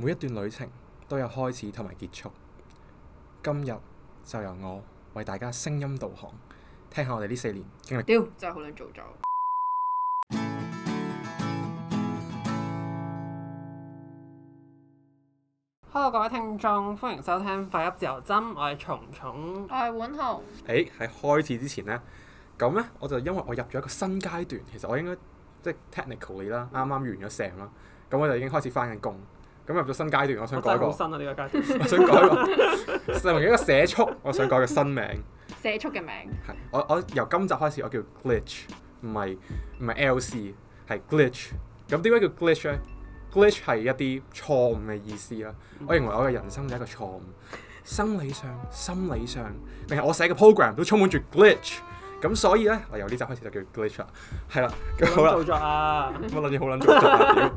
每一段旅程都有開始同埋結束。今日就由我為大家聲音導航，聽下我哋呢四年經歷。屌真係好撚做作！Hello 各位聽眾，歡迎收聽《廢一自由針》，我係松松，我係蟲蟲，我係碗紅。誒，喺開始之前呢，咁呢，我就因為我入咗一個新階段，其實我應該即係 technically 啦，啱啱完咗成啦，咁我就已經開始翻緊工。咁入咗新階段，我想改個新啊！呢、呢個階段， 我想改個作為 一個寫速，我想改個新名。寫速嘅名係我，我由今集開始，我叫 Glitch，唔係唔係 LC，係 Glitch。咁點解叫 Glitch 咧？Glitch 係一啲錯誤嘅意思啦。嗯、我認為我嘅人生係一個錯誤，生理上、心理上，定係我寫嘅 program 都充滿住 glitch。咁所以咧，我由呢集開始就叫 Glitch 啦，係啦。咁好啦，做作啊！我諗住好撚做作、啊，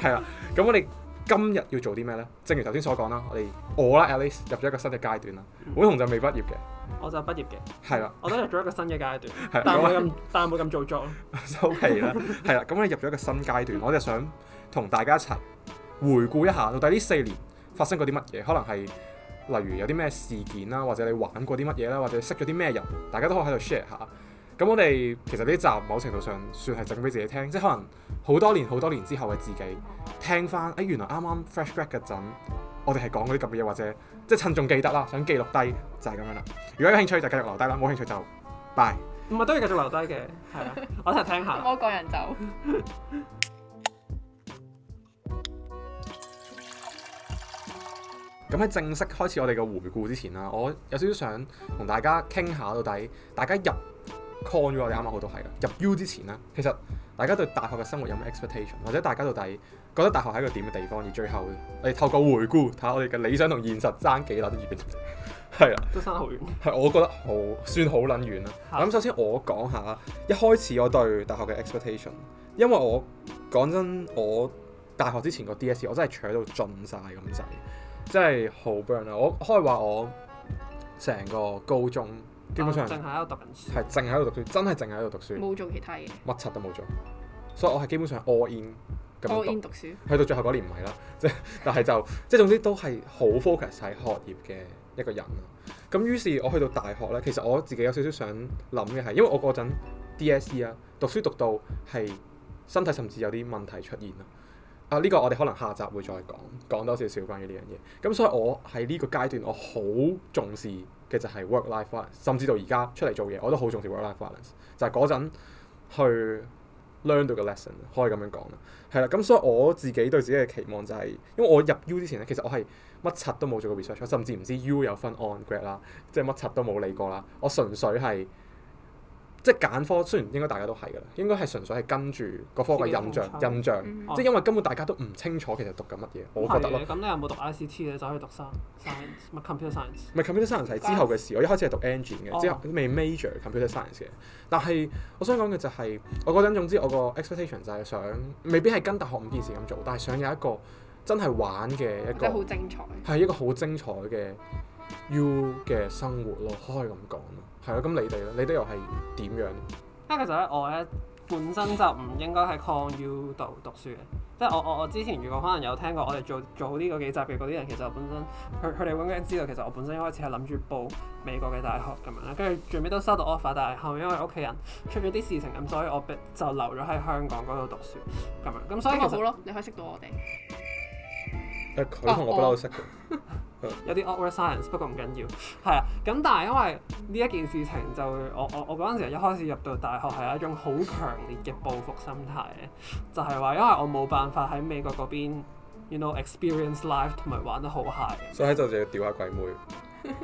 係啦。 咁我哋。今日要做啲咩呢？正如頭先所講啦，我哋我啦，at least 入咗一個新嘅階段啦。會紅、嗯、就未畢業嘅，我就畢業嘅，係啦的，我都入咗一個新嘅階段， 的但係冇咁， 但係冇咁做作咯，收皮啦，係啦。咁你入咗一個新階段， 我就想同大家一齊回顧一下到底呢四年發生過啲乜嘢，可能係例如有啲咩事件啦，或者你玩過啲乜嘢啦，或者識咗啲咩人，大家都可以喺度 share 下。咁我哋其實呢集某程度上算係整俾自己聽，即係可能好多年、好多年之後嘅自己聽翻，哎、欸、原來啱啱 fresh grad 嗰陣，我哋係講嗰啲咁嘅嘢，或者即係趁仲記得啦，想記錄低就係、是、咁樣啦。如果有興趣就繼續留低啦，冇興趣就拜。唔係都要繼續留低嘅，係啊， 我都係聽下。 我個人就咁喺正式開始我哋嘅回顧之前啦，我有少少想同大家傾下到底大家入。c 抗咗我哋啱啱好多，係噶，入 U 之前啦，其實大家對大學嘅生活有咩 expectation，或者大家到底覺得大學係一個點嘅地方？而最後你透過回顧，睇我哋嘅理想同現實爭幾粒而變咗，係 啊的，都差好遠。係我覺得好，算好捻遠啦。咁的、嗯、首先我講下一開始我對大學嘅 expectation，因為我講真，我大學之前個 DSE 我真係扯到盡晒咁滯，真係好 burn 啊！我可以話我成個高中。基本上淨係喺度讀書，係淨係喺度讀書，真係淨係喺度讀書，冇做其他嘢，乜柒都冇做，所以我係基本上 all in 咁，all in 讀書，去到最後嗰年唔係啦， 但就即但係就即係總之都係好 focus 晒學業嘅一個人。咁於是我去到大學呢，其實我自己有少少想諗嘅係，因為我嗰陣 DSE 啊，讀書讀到係身體甚至有啲問題出現啦。啊呢個我哋可能下集會再講，講多少少關於呢樣嘢。咁所以我喺呢個階段我好重視。嘅就係 work-life balance，甚至到而家出嚟做嘢，我都好重視 work-life balance。就係嗰陣去 learn 到嘅 lesson，可以咁樣講啦。係啦，咁所以我自己對自己嘅期望就係、是，因為我入 U 之前咧，其實我係乜柒都冇做過 research，我甚至唔知 U 有分 on grad 啦，即係乜柒都冇理過啦。我純粹係。即係揀科，雖然應該大家都係㗎啦，應該係純粹係跟住個科嘅印象、印、嗯、象，嗯、即係因為根本大家都唔清楚其實讀緊乜嘢，嗯、我覺得咯。咁、啊、你有冇讀 ICT 嘅？ 你走去讀、science、咪 computer science？唔係 computer science 係之後嘅事。啊、我一開始係讀 engine 嘅，啊、之後未 major computer science 嘅。但係我想講嘅就係、是，我嗰陣總之我個 expectation 就係想，未必係跟大學五件事咁做，但係想有一個真係玩嘅一個，即係好精彩，係一個好精彩嘅 U 嘅生活咯，可以咁講咯。係啊，咁你哋咧？你哋又係點樣咧？啊，其實咧，我咧本身就唔應該喺康 U 度讀書嘅，即係我我我之前如果可能有聽過我哋做做呢個幾集嘅嗰啲人，其實我本身佢佢哋應該知道，其實我本身一開始係諗住報美國嘅大學咁樣啦，跟住最尾都收到 offer，但係後面因為屋企人出咗啲事情咁，所以我就留咗喺香港嗰度讀書咁樣。咁所以、嗯、好咯，你可以識到我哋。佢同、啊、我不嬲都識嘅。啊 有啲 awkward science，不過唔緊要，係啊。咁但係因為呢一件事情就，就我我我嗰陣時一開始入到大學係一種好強烈嘅報復心態嘅，就係話因為我冇辦法喺美國嗰邊，you know experience life 同埋玩得好 high，所以喺度就要屌下鬼妹，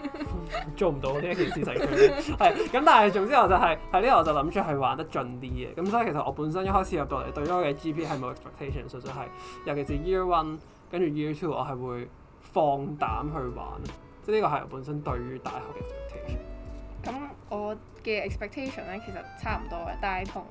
做唔到呢一件事情、就是，係咁，但係總之我就係喺呢度，我就諗住係玩得盡啲嘅。咁所以其實我本身一開始入到嚟對於我嘅 GP 係冇 expectation，純粹係，尤其是 year one 跟住 year two，我係會。放膽去玩，即係呢個係我本身對於大學嘅 expectation。咁我嘅 expectation 咧其實差唔多嘅，但係同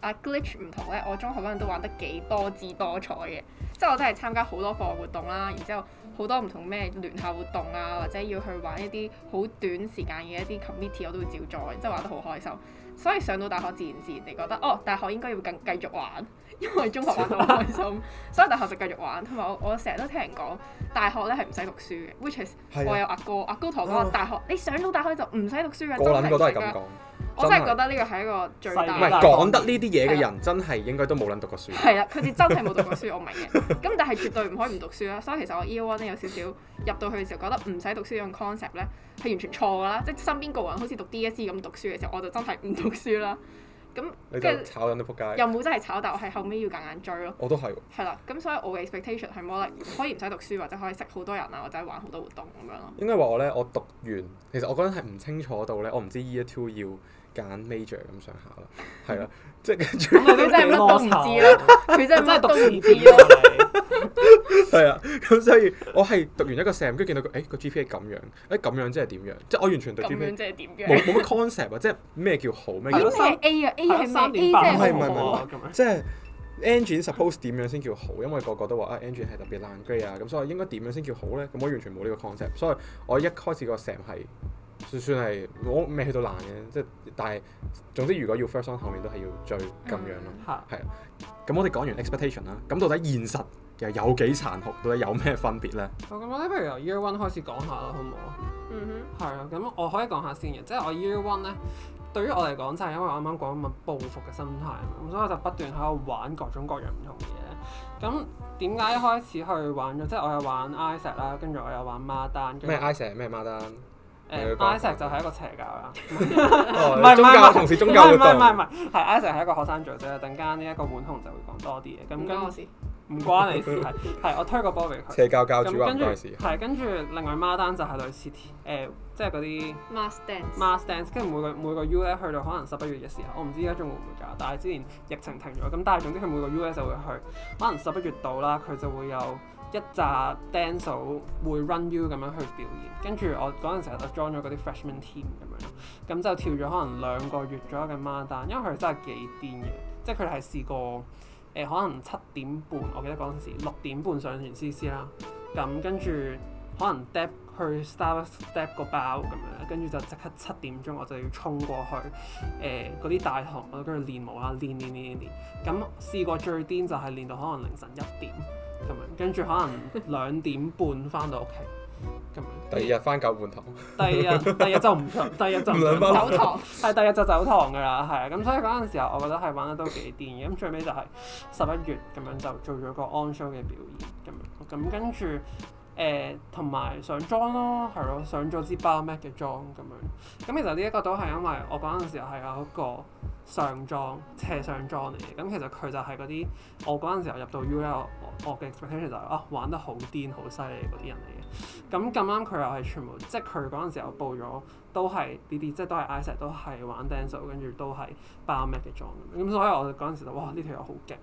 阿 Glitch 唔同咧，我中學嗰陣都玩得幾多姿多彩嘅，即係我都係參加好多課外活動啦，然之後好多唔同咩聯校活動啊，或者要去玩一啲好短時間嘅一啲 committee，我都會照做。即係玩得好開心。所以上到大學自然自然地覺得，哦，大學應該要更繼續玩。因為中學玩到好開心， 所以大學就繼續玩。同埋我，我成日都聽人講大學咧係唔使讀書嘅。Which is、啊、我有阿哥，阿哥同我講：大學、啊、你上到大學就唔使讀書嘅。我諗過都係咁講，我真係覺得呢個係一個最大嘅問題。唔係講得呢啲嘢嘅人真係應該都冇撚讀、啊啊、讀過書。係啊，佢哋真係冇讀過書，我明嘅。咁但係絕對唔可以唔讀書啦。所以其實我 Year One 有少少入到去嘅時候覺得唔使讀書呢個 concept 咧係完全錯㗎啦。即係身邊個人好似讀 DSE 咁讀書嘅時候，我就真係唔讀書啦。咁即係炒緊都撲街，又冇真係炒，但我係後尾要夾硬追咯。我都係喎。係啦，咁所以我嘅 expectation 係冇得，可以唔使讀書或者可以識好多人啊，或者玩好多活動咁樣咯。應該話我咧，我讀完，其實我嗰陣係唔清楚到咧，我唔知 year two 要。揀 major 咁上下啦，係啦，即係佢真係乜都唔知啦，佢真係都唔知咯，係啊，咁所以我係讀完一個 sem 跟住見到佢，誒個 GPA 係咁樣，誒咁樣即係點樣？即係我完全讀冇冇乜 concept 啊，即係咩叫好？咩得三 A 啊，A 係三點八，唔係唔係唔係，即係 engine suppose 點點樣先叫好？因為個個都話啊 engine 係特別難 grade 啊，咁所以應該點樣先叫好咧？咁我完全冇呢個 concept，所以我一開始個 sem 係。就算係我未去到難嘅，即係但係總之，如果要 first on，後面都係要追咁樣咯。係啊，咁我哋講完 expectation 啦。咁到底現實又有幾殘酷？到底有咩分別咧？嗯、我覺得不如由 Year One 開始講下啦，好唔好？嗯哼，係啊。咁我可以講下先嘅，即係我 Year One 咧，對於我嚟講就係因為我啱啱講咁報復嘅心態，咁所以我就不斷喺度玩各種各樣唔同嘅嘢。咁點解一開始去玩咗？即係我又玩 i 石啦，跟住我又玩孖單。咩 i 石？咩孖單？Isaac 就係一個邪教啦，唔係宗教，同時宗教活動，唔係唔係，Isaac 係一個學生組織啦。陣間呢一個碗紅就會講多啲嘢。咁關我事，唔關你事係，係我推個波俾佢。邪教教主跟住，事，係跟住另外 Mass Dance 就係類似，i t y 誒即係嗰啲 mass dance mass dance 跟住每個每個 U S 去到可能十一月嘅時候，我唔知依家仲會唔會搞，但係之前疫情停咗，咁但係總之佢每個 U S 就會去，可能十一月度啦，佢就會有。一扎 dance 會 run you 咁樣去表演，跟住我嗰陣時候就 join 咗嗰啲 freshman team 咁樣，咁就跳咗可能兩個月左右嘅媽單，因為佢真係幾癲嘅，即係佢係試過誒、呃、可能七點半，我記得嗰陣時六點半上完 C C 啦，咁跟住可能 dép 去 star up dép 個包咁樣，跟住就即刻七點鐘我就要衝過去誒嗰啲大堂，我跟住練舞啊練練練練練，咁試過最癲就係練到可能凌晨一點。咁樣，跟住可能兩點半翻到屋企，咁第二日翻九半堂。 第二日，第日就唔出，第二日就走堂，係第二日就走堂㗎喇，係啊。咁所以嗰陣時候，我覺得係玩得都幾癲嘅。咁 最尾就係十一月咁樣就做咗個 on show 嘅表演，咁樣。咁跟住。誒同埋上妝咯，係咯，上咗支 bar mac 嘅妝咁樣。咁、嗯、其實呢一個都係因為我嗰陣時候係有一個上妝斜上妝嚟嘅。咁、嗯、其實佢就係嗰啲，我嗰陣時候入到 U L 我嘅 expectation 就係、是、啊，玩得好癲好犀利嗰啲人嚟嘅。咁咁啱佢又係全部，即係佢嗰陣時候我報咗都係呢啲，即係都係挨石，都係玩 dance 跟住都係爆咪嘅莊。咁所以我嗰陣時就哇呢條友好勁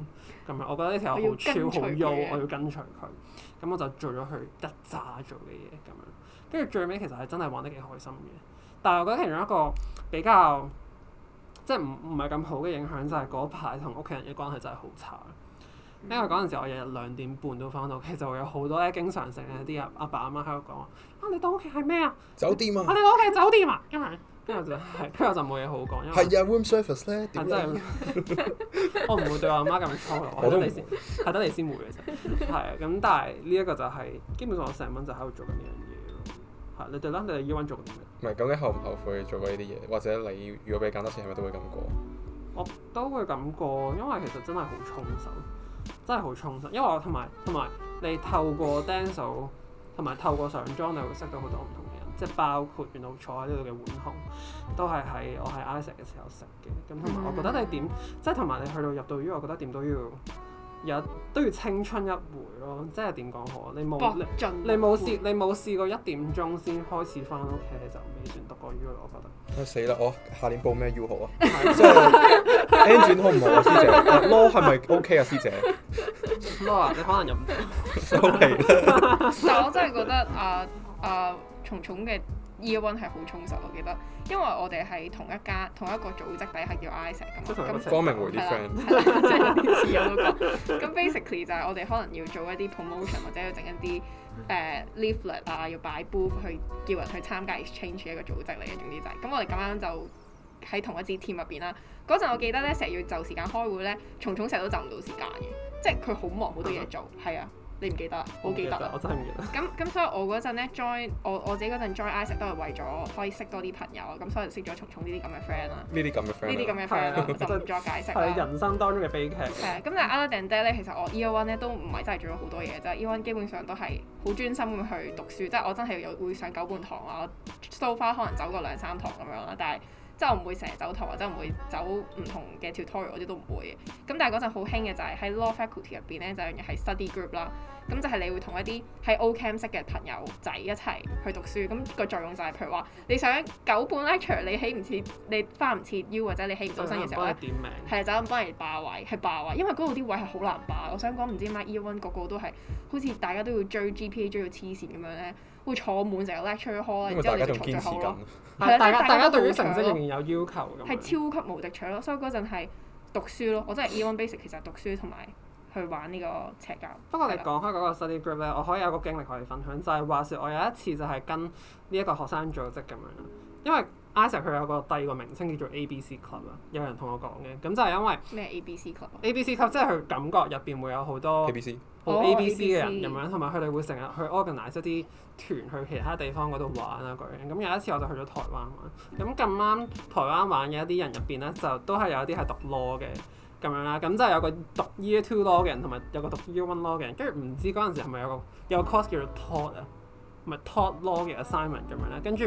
咁樣，我覺得呢條友好超好 U，我要跟隨佢。咁我，我就做咗佢一揸做嘅嘢咁樣，跟住最尾其實係真係玩得幾開心嘅。但係我覺得其中一個比較即係唔唔係咁好嘅影響就係嗰排同屋企人嘅關係真係好差。因為嗰陣時我日日兩點半都翻到屋企，就會有好多咧，經常性咧啲阿阿爸阿媽喺度講啊，你到屋企係咩啊？酒店啊！我哋到屋企係酒店啊！我我因為，啊、因為就係，跟住 我就冇嘢好講。係啊，room service 咧，真係，我唔會對我阿媽咁粗魯。我等你先，係得你先回嘅啫。係啊，咁但係呢一個就係、是、基本上我成日就喺度做緊呢樣嘢咯。係你哋啦，你哋 U Life 做緊啲乜？唔係咁，你，你，你，你後唔後悔做過呢啲嘢？或者你如果俾你揀多啲，係咪都會咁過？我都會咁過，因為其實真係好重手。真係好充實，因為我同埋同埋你透過 dance 同埋透過上莊，你會識到好多唔同嘅人，即係包括原來坐喺呢度嘅碗康，都係喺我喺 Iset 嘅時候識嘅。咁同埋我覺得你點，mm hmm. 即係同埋你去到入到院，我覺得點都要。日都要青春一回咯，即係點講好啊？你冇你冇試你冇試過一點鐘先開始翻屋企你就未算讀過 U 啊！我覺得，死啦、啊！我下年報咩 U 好啊？Engine 好唔好啊？師姐 low 係咪 OK 啊？師姐 low 啊！你可能飲蘇但我真係覺得啊啊重重嘅。重重重。Year one 係好充實，我記得，因為我哋係同一間、同一個組織底下叫 ISAC 嘅嘛，嗯嗯、光明的 會啲 friend，係啦，即係有啲似我都講。咁 basically 就係我哋可能要做一啲 promotion 或者要整一啲誒 leaflet 啊，uh, leaflet, 要擺 booth 去叫人去參加 exchange 一個組織嚟嘅，總之就係、是、咁。我哋咁啱就喺同一支 team 入邊啦。嗰陣我記得咧，成日要就時間開會咧，重重成日都就唔到時間嘅，即係佢好忙好多嘢做，係啊、嗯。你唔記得？我記得，我記得，我真係唔記得。咁咁，所以我嗰陣咧 join 我我自己嗰陣 join Isaac 都係為咗可以識多啲朋友咁，所以識咗重重呢啲咁嘅 friend 啦，呢啲咁嘅 friend，呢啲咁嘅 friend 啦，就唔再解釋。係 人生當中嘅悲劇。係啊，咁但係 other than that 咧，其實我 Year One 咧都唔係真係做咗好多嘢啫，Year One 基本上都係好專心咁去讀書，即係我真係有會上九半堂啊，so far 可能走過兩三堂咁樣啦，但係。即係我唔會成日走堂，或者唔會走唔同嘅 tutorial，嗰啲都唔會嘅。咁但係嗰陣好興嘅就係喺 law faculty 入邊咧，就樣嘢係 study group 啦。咁就係你會同一啲喺 O camp 識嘅朋友仔一齊去讀書。咁、嗰個作用就係、係、譬如話，你想九本 lecture 咧，除非你起唔切，你翻唔切 U 或者你起唔到、嗯、身嘅時候咧，點名係啊，就咁翻嚟霸位，係霸位。因為嗰度啲位係好難霸。我想講唔知點解 Year One 個個都係好似大家都要追 GPA 追到黐線咁樣咧。會坐滿成個 lecture hall，然之後又隨着好咯。係大家大家對於成績仍然有要求咁。係 超級無敵搶咯，所以嗰陣係讀書咯。我真係 even basic 其實係讀書同埋去玩呢個邪教。 吧不過你哋講開嗰個 study group 咧，我可以有個經歷可以分享，就係、是、話説我有一次就係跟呢一個學生組織咁樣，因為 Ish 佢有個第二個名稱叫做 club, club? ABC club 啦，有人同我講嘅，咁就係因為咩 ABC club？ABC club 即係佢感覺入邊會有好多 ABC。好 ABC 嘅人咁樣，同埋佢哋會成日去 organize 一啲團去其他地方嗰度玩啊嗰樣。咁有一次我就去咗台灣玩，咁咁啱台灣玩嘅一啲人入邊咧，就都係有一啲係讀 law 嘅咁樣啦。咁就係有個讀 Year Two Law 嘅人，同埋有個讀 Year One Law 嘅人，跟住唔知嗰陣時係咪有個有個 course 叫做 taught 啊？咪 top law 嘅 assignment 咁樣啦，跟住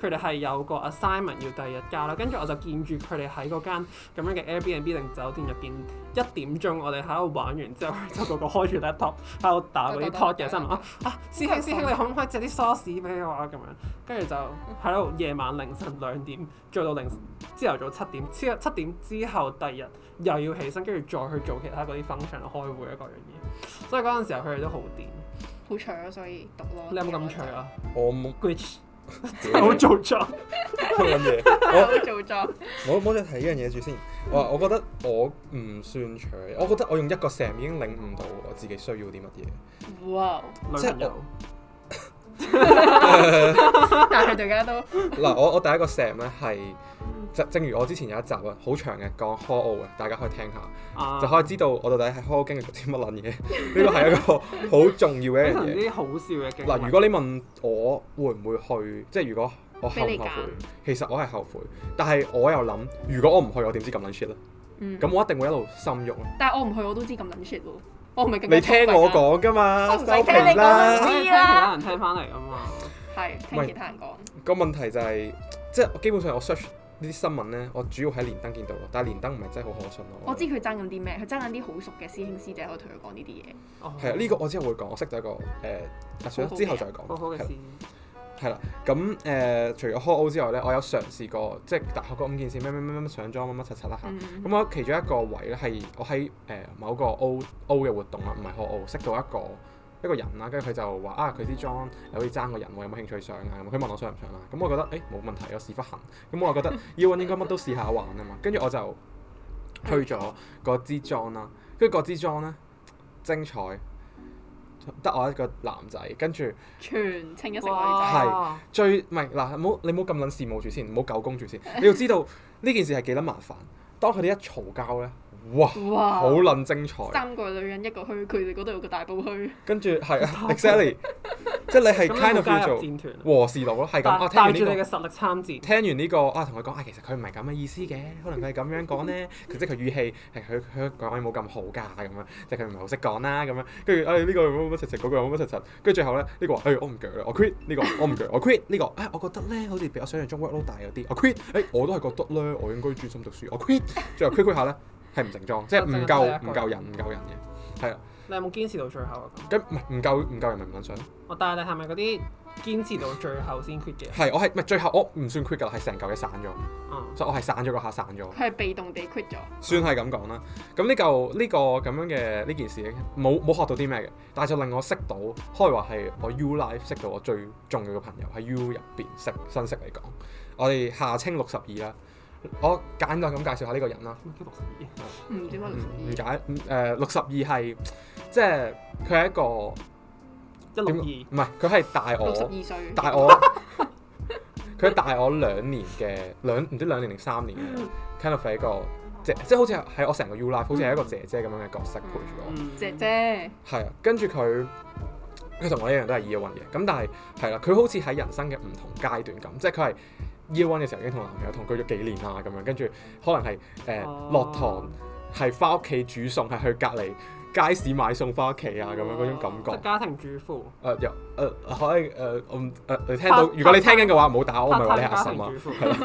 佢哋係有個 assignment 要第二日交啦，跟住我就見住佢哋喺嗰間咁樣嘅 Airbnb 定酒店入邊一點鐘，我哋喺度玩完之後，就個個開住粒 top 喺度打嗰啲 top 嘅 assignment 啊！啊師兄師兄，你可唔可以借啲 sauce 俾我啊？咁樣，跟住就喺度夜晚凌晨兩點做到凌晨朝頭早七點，朝七點之後第二日又要起身，跟住再去做其他嗰啲 function 開會啊嗰樣嘢，所以嗰陣時候佢哋都好掂。好長啊，所以讀咯。你有冇咁長啊沒？ 我冇， 我好做作。我好做作。我好我再提呢樣嘢住先。我我覺得我唔算長。我覺得我用一個 Sam 已經領悟到我自己需要啲乜嘢。哇 Wow. 是！即係我。 但係佢哋而家都嗱 ，我我第一個 Sam 咧係。就正如我之前有一集啊，好長嘅講 hall o 嘅，大家可以聽下，就可以知道我到底喺 hall 經歷咗啲乜撚嘢。呢個係一個好重要嘅一樣嘢。呢啲好笑嘅劇。嗱，如果你問我會唔會去，即係如果我後悔，其實我係後悔，但係我又諗，如果我唔去，我點知咁撚 shit 咧？咁我一定會一路心慾啊。但係我唔去，我都知咁撚 shit 喎。我唔係更你聽我講㗎嘛？收皮啦，唔好聽其他人聽翻嚟㗎嘛。係，聽其他人講。個問題就係，即係基本上我呢啲新聞咧，我主要喺連登見到咯，但係連登唔係真係好可信咯。我知佢爭緊啲咩，佢爭緊啲好熟嘅師兄師姐可以同佢講呢啲嘢。哦，係啊，呢個我之後會講，我識咗一個誒，算啦，之後再講。好好嘅事。係啦，咁誒，除咗 CO 之外咧，我有嘗試過即係大學嗰五件事，咩咩咩咩上妝，乜乜七七啦嚇。咁我其中一個位咧係我喺誒某個 O O 嘅活動啦，唔係 CO，識到一個。一個人啦，跟住佢就話啊，佢啲裝可以爭個人，有冇興趣上啊？佢、嗯、問我上唔上啦？咁、嗯、我覺得誒，冇、欸、問題，我屎忽痕。咁、嗯、我又覺得要運 Even 應該乜都試下玩啊嘛。跟住我就去咗嗰支裝啦，跟住嗰支裝咧精彩，得我一個男仔，跟住全清一色女仔。係哇最唔係嗱？好，你唔好咁捻羨慕住先，唔好狗公住先。 你要知道呢件事係幾得麻煩。當佢哋一嘈交咧。哇！好撚精彩！三個女人一個墟，佢哋嗰度有個大埔墟。跟住係啊 exactly 即係你係 kind of 做和事佬咯，係咁。帶住你嘅實力參戰。聽完呢個啊，同佢講啊，其實佢唔係咁嘅意思嘅，可能佢係咁樣講咧。其實佢語氣係佢佢講嘢冇咁好㗎咁樣，即係佢唔係好識講啦咁樣。跟住誒呢個冇乜實實，嗰個冇乜實實。跟住最後咧，呢個話誒我唔鋸啦，我 quit 呢個，我唔鋸，我 quit 呢個。啊，我覺得咧好似比我想像中 work load 大咗啲，我 quit。誒，我都係覺得咧，我應該專心讀書，我 quit。最後 quit 下咧。係唔成裝，即係唔夠唔夠人唔夠人嘅，係啊。你有冇堅持到最後啊？咁唔唔夠唔夠人咪唔想。我、喔、但係你係咪嗰啲堅持到最後先 quit 嘅？係，我係咪最後我唔算 quit 噶，係成嚿嘢散咗。嗯。所以我係散咗個客，散咗。佢係被動地 quit 咗。算係咁講啦。咁呢嚿呢個咁樣嘅呢件事，冇冇學到啲咩嘅？但係就令我識到可以話係我 U Life 識到我最重要嘅朋友喺 U 入邊識新識嚟講，我哋下清六十二啦。我簡單咁介紹下呢個人啦。六十二，唔知點解六十二。唔解，誒六十二係即係佢係一個一六二，唔係佢係大我六十二歲，大 我佢大我兩年嘅兩唔知兩年定三年嘅。嗯、kind of 係一個姐，即係好似係我成個 U Life，好似係一個姐姐咁樣嘅角色陪住我、嗯。姐姐係啊，跟住佢佢同我一樣都係二號嘅，咁但係係啦，佢好似喺人生嘅唔同階段咁，即係佢係。Year One 嘅時候已經同男朋友同居咗幾年啦，咁樣跟住可能係誒落堂係翻屋企煮餸，係去隔離街市買餸翻屋企啊，咁樣嗰種感覺。Uh，家庭主婦。誒又誒可以我唔誒聽到？如果你聽緊嘅話，唔好打我，ha，我咪話你下心啊。係啦。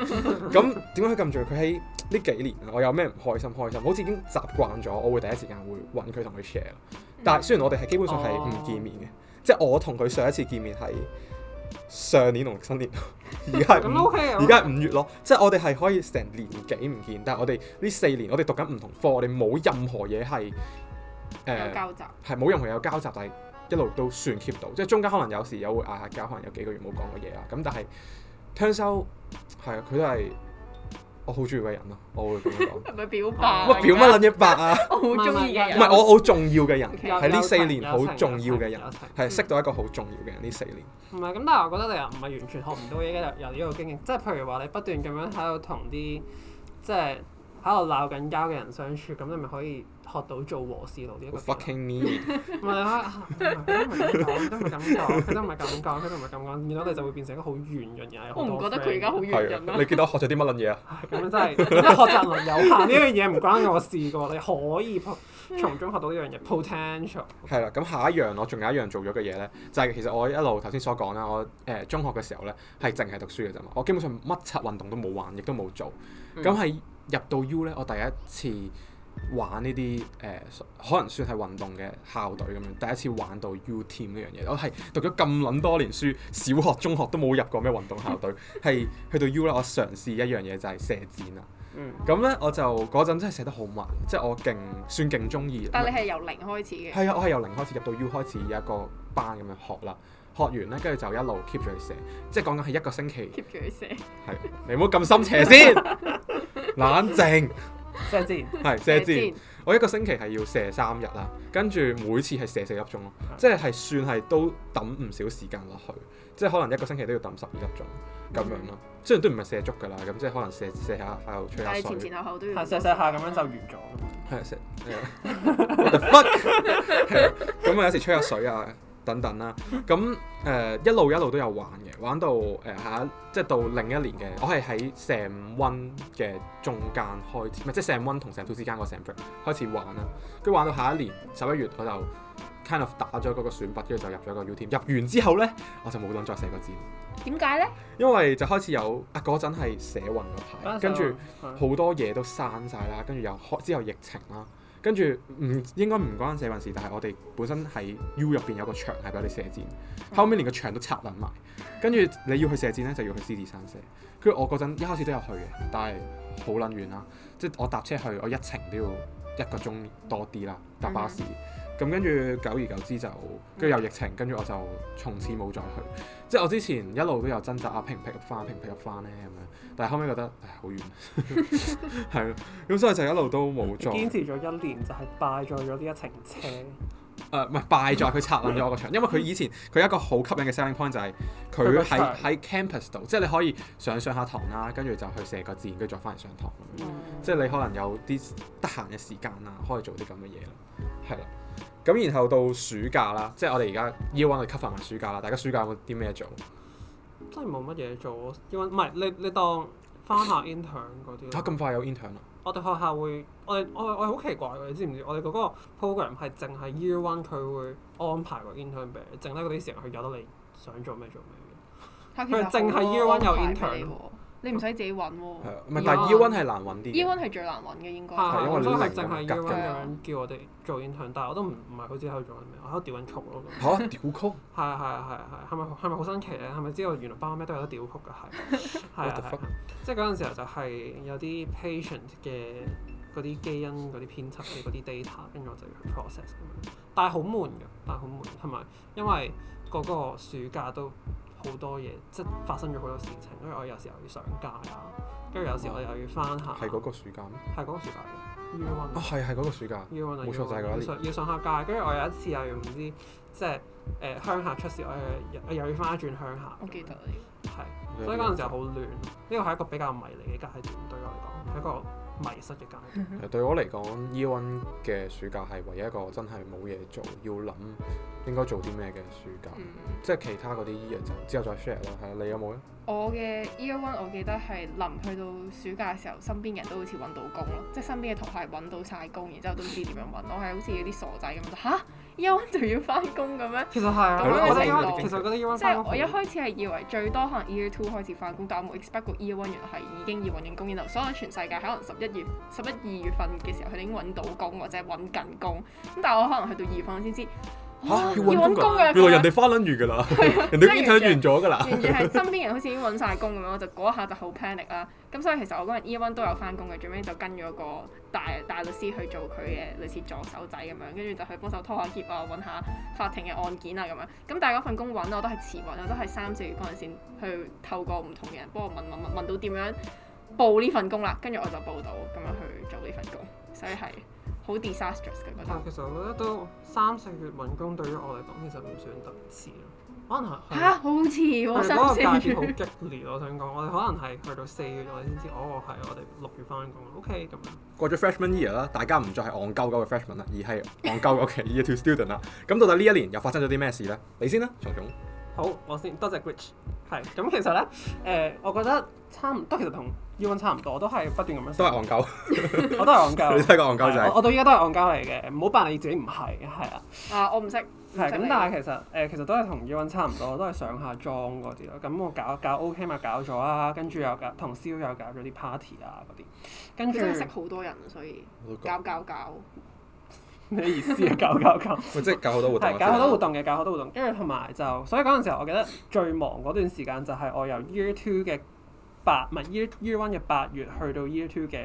咁點解佢咁做？佢喺呢幾年我有咩唔開心、開心，好似已經習慣咗，我會第一時間會揾佢同佢 share。嗯、但係雖然我哋係基本上係唔見面嘅，即係、uh. 我同佢上一次見面係。上年同新年，而家而家係五月咯，即係我哋係可以成年幾唔見，但係我哋呢四年我哋讀緊唔同課，我哋冇任何嘢係誒交集，係冇任何嘢有交集，但係一路都算 keep 到，即係中間可能有時有會嗌下交，可能有幾個月冇講過嘢啊。咁但係聽收係啊，佢都係。我好中意嘅人咯，我會咁講。係咪 表白、啊？乜、啊、表乜撚一白啊！ 我好中意嘅人。唔係有我好重要嘅人，喺呢 Okay. 四年好重要嘅人，係識到一個好重要嘅人呢、嗯、四年。唔係咁，但係我覺得你又唔係完全學唔到嘢，嘅。由呢個經驗， 即係譬如話你不斷咁樣喺度同啲即係喺度鬧緊交嘅人相處，咁你咪可以。學到做和事佬呢一個 fucking me，唔係啊，都唔係咁講，佢都唔係咁講，佢都唔係咁講，然後你就會變成一個好圓潤嘅人。我唔覺得佢而家好圓潤。你見到學咗啲乜嘢啊？咁樣真係，因為學習能力有限呢樣嘢唔關我事喎。你可以從中學到呢樣嘢，potential。係啦，咁下一樣，我仲有一樣做咗嘅嘢咧，就係其實我一路頭先所講啦，我誒中學嘅時候咧係淨係讀書嘅啫嘛，我基本上乜七運動都冇玩，亦都冇做。咁係入到 U 咧，我第一次。玩呢啲誒，可能算係運動嘅校隊咁樣，第一次玩到 U Team 呢樣嘢。我係讀咗咁撚多年書，小學、中學都冇入過咩運動校隊，係 去到 U 啦。我嘗試一樣嘢就係射箭啊。嗯，咁呢我就嗰陣真係射得好慢，即係我勁，算勁中意。但係你係由零開始嘅。係啊，我係由零開始入到 U 開始有一個班咁樣學啦，學完呢，跟住就一路 keep 住去射，即係講緊係一個星期 keep 住去射。係、啊，你唔好咁心邪邪先， 冷靜。射箭， 係射箭。 戰我一個星期係要射三日啦，跟住每次係射四粒鐘咯，嗯、即係係算係都抌唔少時間落去，即係可能一個星期都要抌十二粒鐘咁樣咯、嗯。雖然都唔係射足噶啦，咁即係可能射射下，喺度吹下。係前前後後都要。係射射下咁樣就完咗。係射係。咁啊，有時吹下水啊。等等啦，咁誒、呃、一路一路都有玩嘅，玩到誒、呃、下一即係到另一年嘅，我係喺 Sam One 嘅中間開始，唔係即係 Sam One 同 Sam Two 之間個 Sam Break 開始玩啦，跟住玩到下一年十一月我就 kind of 打咗嗰個選拔，跟住就入咗個 U Team。入完之後咧，我就冇諗再寫個字。點解咧？因為就開始有啊，嗰陣係社運嗰排，啊、跟住着好多嘢都刪晒啦，跟住又開之後疫情啦。跟住唔應該，唔關社運事，但係我哋本身喺 U 入邊有個牆係俾我哋射箭，嗯、後尾連個牆都拆爛埋。跟住你要去射箭咧，就要去獅子山射。跟住我嗰陣一開始都有去嘅，但係好撚遠啦，即係我搭車去，我一程都要一個鐘多啲啦，搭巴士。嗯咁跟住久而久之就，跟住有疫情，跟住我就從此冇再去。即係我之前一路都有掙扎啊，平平入翻，平平入翻咧咁樣。但係後尾覺得唉，好遠，係咯。 咁所以就一路都冇再堅持咗一年，就係敗在咗呢一程車。誒、呃，唔係敗在佢拆爛咗我個場，嗯、因為佢以前佢、嗯、有一個好吸引嘅 selling point 就係佢喺喺 campus 度，即係你可以上上下堂啦，跟住就去寫個字，跟住再翻嚟上堂、嗯、即係你可能有啲得閒嘅時間啊，可以做啲咁嘅嘢咯，係啦。咁然後到暑假啦，即係我哋而家 Year One 去 cover 埋暑假啦。大家暑假有啲咩做？真係冇乜嘢做。Year One 唔係你你，你當翻下 intern 嗰啲。嚇咁、啊、快有 intern 啊？我哋學校會，我哋我我好奇怪嘅，你知唔知？我哋嗰個 program 係淨係 Year One 佢會安排個 intern 俾你，剩低嗰啲時間去由得你想做咩做咩嘅。佢淨係 Year One 有 intern 喎。你唔使自己揾喎，唔係，但係 Ewin 係難揾啲。Ewin 係最難揾嘅應該。係，因為你係淨係咁樣叫我哋做 interaction 但係我都唔唔係好知道佢做緊咩，我喺度調緊曲咯。嚇？調曲？係啊係啊係係，係咪係咪好新奇咧？係咪知道原來包咩都有得調曲嘅係？係啊，即係嗰陣時候就係有啲 patient 嘅嗰啲基因嗰啲編輯嘅嗰啲 data，跟住我就要 process 咁樣，但係好悶㗎，但係好悶，同埋因為嗰個暑假都。好多嘢，即係發生咗好多事情。跟住我有時候要上街啊，跟住有時我又要翻下。係嗰、啊、個暑假咩？係嗰個暑假嘅 U One。It，啊，係係嗰個暑假。It, it, it，要 One 要上下街，跟住我有一次又唔知即係誒、呃、鄉下出事，我又我又要翻轉鄉下。我記得啊，呢個係。所以嗰陣時候好亂，呢個係一個比較迷離嘅階段對我嚟講，係、嗯、一個。迷失嘅階段。對我嚟講 Year One 嘅暑假係唯一一個真係冇嘢做，要諗應該做啲咩嘅暑假。嗯、即係其他嗰啲 Year 就之後再 share 咯。係啊，你有冇咧？我嘅 Year One 我記得係臨去到暑假嘅時候，身邊人都好似揾到工咯，即係身邊嘅同學係揾到晒工，然之後都唔知點樣揾。我係好似啲傻仔咁就嚇。Year One 就要翻工嘅咩？其實係，啊，我覺得其實覺得 Year One 即係我一開始係以為最多可能 Year Two 開始翻工，但我冇 expect 過 Year One 原來係已經要揾緊工，然後所有全世界可能十一月、十一二月份嘅時候，佢哋已經揾到工或者揾緊工。咁但係我可能去到二月份先知，啊啊、要揾工嘅，原來是人哋翻完㗎啦， 人哋已經睇完咗㗎啦， 原原身邊人好似已經揾晒工咁樣，我就嗰下就好 panic 啦。咁所以其實我嗰陣 E One 都有翻工嘅，最尾就跟咗個大大律師去做佢嘅類似助手仔咁樣，跟住就去幫手拖下協啊，揾下法庭嘅案件啊咁樣。咁但係嗰份工揾我都係遲，我都係三四月嗰陣先去透過唔同嘅人幫我問問問問到點樣報呢份工啦，跟住我就報到咁樣去做呢份工。所以係好 disastrous 咁樣。得其實我覺得都三四月揾工對於我嚟講其實唔算特別蝕。可能嚇，好似我哋嗰個好激烈， 我想講，我哋可能係去到四月左先知，哦，係我哋六月翻工，OK 咁。過咗 freshman year 啦，大家唔再係戇鳩鳩嘅 freshman 啦，而係戇鳩嘅 OK year two student 啦。咁 到底呢一年又發生咗啲咩事咧？你先啦，松松。好，我先。多謝 Gritch。係咁，其實咧，誒、呃，我覺得差唔多，其實同。U One 差唔多，都係不斷咁樣。都係戇鳩，我都係戇鳩。你都係個戇鳩仔。我到依家都係戇鳩嚟嘅，唔好扮你自己唔係，係啊。啊，我唔識。咁但係其實誒，其實都係同 U One 差唔多，都係上下莊嗰啲咯。咁我搞一搞 OK 嘛，搞咗啊，跟住又搞同 C 又搞咗啲 party 啊嗰啲，跟住識好多人，所以搞搞搞。咩意思啊？搞搞搞，即係搞好多活動。係搞好多活動嘅，搞好多活動。跟住同埋就，所以嗰陣時候，我記得最忙嗰段時間就係我由 Year Two 嘅。八唔係 Year Year One 嘅八月去到 Year Two 嘅，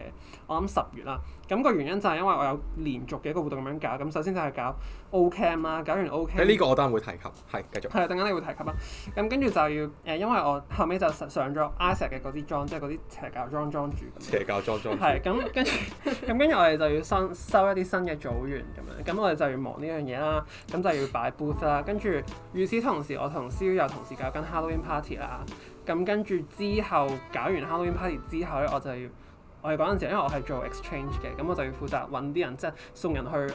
我諗十月啦。咁、嗰個原因就係因為我有連續嘅一個活動咁樣搞。咁首先就係搞 Ocam 啦，搞完 Ocam 呢個我等陣會提及，係繼續。係，等陣你會提及啦。咁跟住就要誒，因為我後尾就上咗 Isaac 嘅嗰啲裝，即係嗰啲邪教裝裝住，住。邪教裝裝。係，咁跟住，咁跟住我哋就要收收一啲新嘅組員咁樣。咁我哋就要忙呢樣嘢啦。咁就要擺 booth 啦。跟住，與此同時，我同肖又同時，同時搞緊 Halloween party 啦。咁跟住之後搞完 Halloween party 之後咧，我就要我哋嗰陣時，因為我係做 exchange 嘅，咁我就要負責搵啲人，即係送人去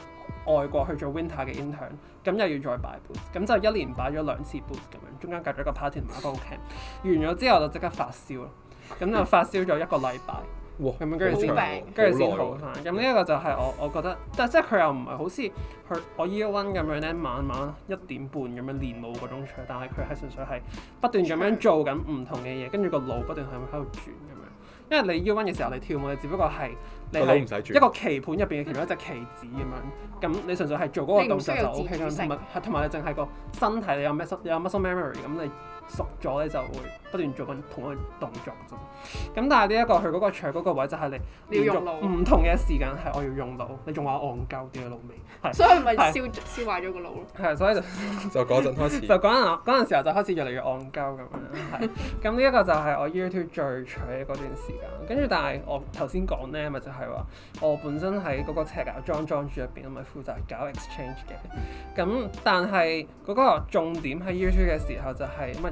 外國去做 winter 嘅 intern，咁又要再擺 booth，咁就一年擺咗兩次 booth 咁樣，中間隔咗個 party 同一個 camp，完咗之後就即刻發燒咯，咁就發燒咗一個禮拜。咁樣跟住先，跟住先好。咁呢一個就係我，我覺得，但即係佢又唔係好似去我 year one 咁樣咧，晚晚一點半咁樣練舞嗰種。但係佢係純粹係不斷咁樣做緊唔同嘅嘢，跟住個腦不斷喺度喺度轉咁樣。因為你 year one 嘅時候，你跳舞你只不過係你唔使轉。一個棋盤入邊嘅其中一隻棋子咁樣。咁你純粹係做嗰個動作就 O K 啦。同埋你淨係個身體有 memory，你有 muscle 咩有 muscle memory 咁你。熟咗咧就會不斷做緊同一個動作啫。咁但係呢一個佢嗰個 chur 嗰個位就係你，你要用唔同嘅時間係我要用腦，你仲話戇鳩啲嘅腦味，係所以咪燒是燒壞咗個腦咯。係，所以就 就嗰陣開始， 就嗰陣嗰時候就開始越嚟越戇鳩咁樣。係，咁呢一個就係我 YouTube 最 chur 嗰段時間。跟住但係我頭先講咧咪就係、是、話我本身喺嗰個邪教莊莊主入邊，咪負責搞 exchange 嘅。咁但係嗰個重點喺 YouTube 嘅時候就係、是